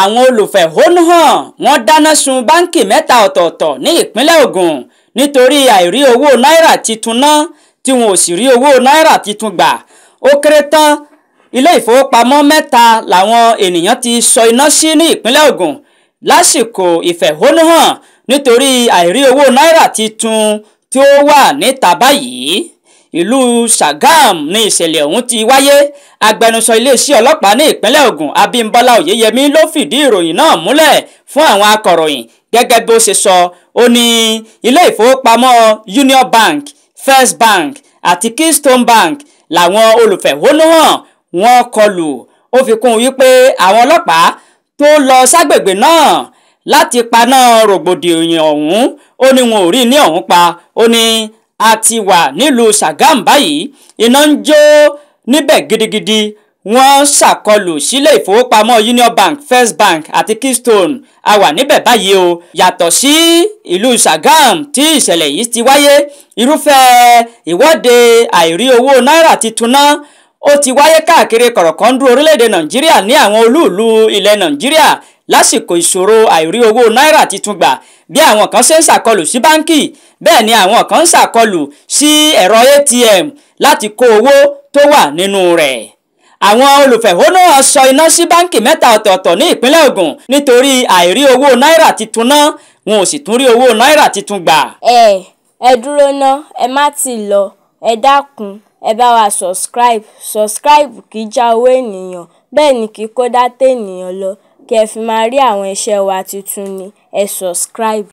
àwọn olùfẹ̀hónúhàn wọn dáná sun báńkì mẹ́ta ọ̀tọ̀ọ̀tọ̀ ní ìpínlẹ̀ Ògùn nítorí àìrí owó náírà titun ná tí wọn ò sì rí owó náírà titun gbà ó kéré tán ilé ìfowópamọ́ mẹ́ta làwọn ènìyàn ti sọ iná sí ní ìpínlẹ̀ Ògùn lásìkò ìfẹ̀hónúhàn nítorí àìrí owó náírà titun tí ó wà níta báyìí ìlú Sàgám ni ìṣẹ̀lẹ̀ ọ̀hún ti wáyé agbẹnusọ iléeṣẹ́ ọlọ́pàá ní ìpínlẹ̀ Ògùn Abímbọ́lá Oyèyẹmí ló fìdí ìròyìn náà múlẹ̀ fún àwọn akọ̀ròyìn gẹ́gẹ́ bí ó ṣe sọ ó ní ilé ìfowópamọ́ Union Bank First Bank àti Keystone Bank làwọn olùfẹ̀hónúhàn wọn kọlù ó fi kún un wípé àwọn ọlọ́pàá tó lọ ságbègbè náà láti paná rògbòdìyàn ọ̀hún ó ní wọn ò rí ní ọ̀hún pa ó ní a ti wà nílùú Sàgám báyìí iná ń jó níbẹ̀ gidigidi wọ́n ṣàkọlù sílé ìfowópamọ́ Union Bank First Bank àti Keystone a wà níbẹ̀ báyìí o yàtọ̀ sí ìlú Sàgám tí ìṣẹ̀lẹ̀ yìí ti wáyé irúfẹ́ ìwọ́de àìrí owó náírà ti tuná ó ti wáyé káàkiri kọ̀rọ̀kọ́ndú orílẹ̀-èdè Nàìjíríà ní àwọn olúùlú ilẹ̀ Nàìjíríà lásìkò ìṣòro àìrí owó náírà titun gbà bí àwọn kan ṣe ń ṣàkọlù sí báńkì bẹ́ẹ̀ ni àwọn kan ń ṣàkọlù sí ẹ̀rọ atm láti kó owó tó wà nínú rẹ̀ àwọn olùfẹ̀hónúhàn sọ iná sí báńkì mẹ́ta ọ̀tọ̀ọ̀tọ̀ ní ìpínlẹ̀ Ògùn nítorí àìrí owó náírà titun ná wọn ò sì tún rí owó náírà titun gbà. ẹ ẹ dúró ná ẹ má ti lọ ẹ dákun ẹ bá wa subscribe subscribe kì í já owó ènìyàn bẹ́ẹ̀ ni kì í kó dá tènìyàn lọ kẹ́ ẹ fi máa rí àwọn iṣẹ́ wa tuntun ni ẹ subscribe